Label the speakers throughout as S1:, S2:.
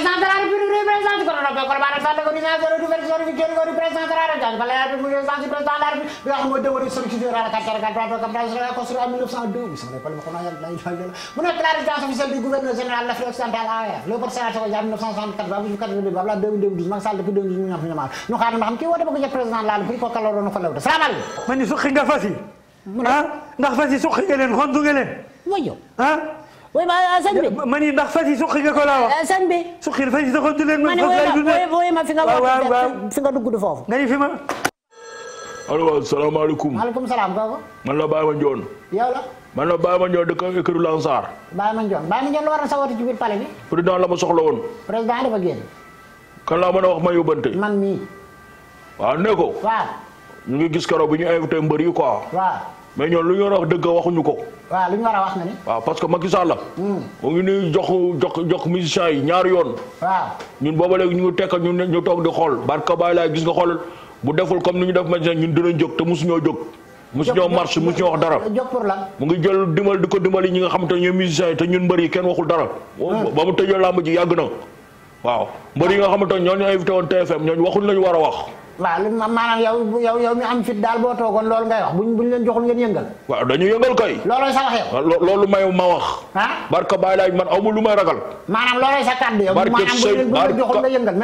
S1: président de la république représente ko noppee Colobane ak Fatick du ñaar du version du Kelle du président de la république bala yaa mu ñëw sant président de la république bi nga xam mooy déwénu sollicité à la carte de construit en 1902 bi sama nekkoon xam naa yàlla lay lay mu nekk la résidence officielle du gouverneur général de l'Afrique occidentale AOF le président ko jaar 1964 ba 1982 ba 2012 Macky Sall depuis 2012 ñu xam ñu xaar ma xam kii woote ba ko jëf président la république ko kaloo doon ko lew salaamaaleykum ma ni suqi nga fas yi ah ndax fas yi suqi nga leen xontu nga leen oui ma sëñ ndax fas yi suqi nga ko laa wax. sëñ bi suqi fas yi soxal di leen. man woy ma fi nga wax fi nga dugg du foofu. nga fi ma.
S2: allo salaamaaleykum.
S1: maaleykum salaam kooku.
S2: man la Baye Mandione. yow la. man la Baye Mandione dëkk Écurie Lansar.
S1: Baye Mandione Baye Mandione lu war a sawati ci biir palais bi.
S2: président la ma soxla woon.
S1: président dafa génn.
S2: kan laa mën a wax ma yóbbante. man mii. waaw ne ko. waaw. ngi gis keroog bi ñu invité mbër yi mais ñoom lu ñu war a wax dëgg waxuñu ko.
S1: waaw lu ñu war a wax na ni.
S2: waaw parce que Macky Sall. Hmm. mu ngi nuyu jox jox jox musiciens yi ñaari yoon. waaw ñun booba léegi ñu ngi tekk ñu toog di xool barka baay laay gis nga xoolal bu deful comme ni ñu def médecin ñun dinañ jóg te mosuñoo jóg. mosuñoo marche mosuñoo wax dara. mu ngi jël dimbal di ko dimbali ñi nga xam te ñooy musiciens yi te ñun mbër yi kenn waxul dara. Hmm. ba mu tëjee làmb ji yàgg na. waaw mbër yi nga xamante ne ñooñu invité woon TFM ñooñu waxuñ lañu war a wax
S1: waa li maanaam yow yow yow mi am fit daal boo toogoon loolu ngay wax buñ buñ leen joxul ngeen yëngal
S2: waaw dañu yëngal koy loolooy sa wax yow loolu may ma wax ah barka bàyyi laaj man amul lu may ragal
S1: maanaam loolooy sa kàddu yow maanaam buñ leen joxul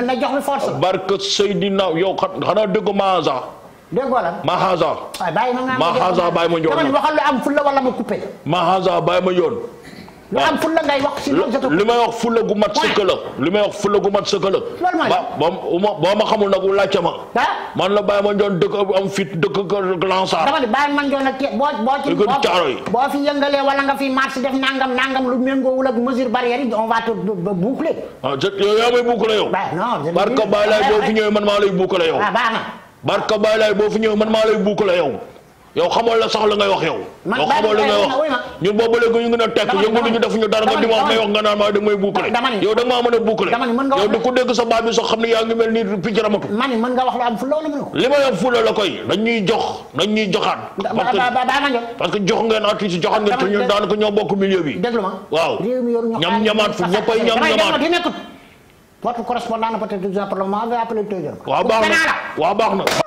S2: na jox mi force barka Seydina yow xanaa dégg maasa dégg nga la maasa
S1: waaye bàyyi ma nga maasa
S2: bàyyi ma yoon ma lu am li ma wax fulla gu mat sëkk la li may wax fulla gu mat sëkk la ba boo ma xamul nag man la Baye Mandione dëkk am fit dëkk kër Lansar dama di
S1: Baye Mandione ak boo ci caaro yi boo fi yëngalee wala nga fi marche def nangam nangam lu méngoowul ak mesure barrière yi on va te boucler
S2: barka Baye lay boo fi ñëwee man maa lay boucler yow xamoo la sax la ngay wax yow. yow xamoo la ngay wax ñun boobu léegi ñu ngi tekk yëngatuñu defuñu dara nga di ma wax yow da maa a la koy dañ jox dañ joxaat parce que jox ngeen artiste joxaat ngeen te ñun daanaka ñoo bokk milieu bi waaw ñam ñamaat fu ñëppay ñam ñamaat
S1: votre correspondant peut-être du
S2: baax na